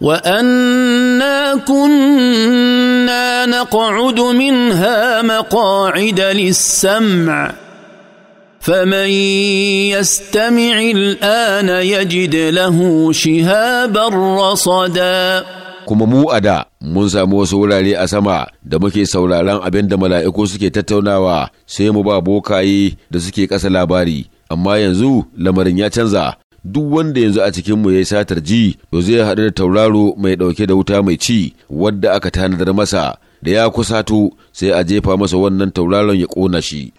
وانا كنا نقعد منها مقاعد للسمع فمن يستمع الان يجد له شهابا رصدا kuma mu a da mun samu wasu wurare a sama da muke sauraron abin da mala'iku suke tattaunawa sai mu ba bokaye da suke ƙasa labari amma yanzu lamarin ya canza duk wanda yanzu a cikinmu ya yi satar ji to zai haɗu da tauraro mai ɗauke da wuta mai ci wadda aka tanadar masa da ya kusato sai a jefa masa wannan tauraron ya ƙona shi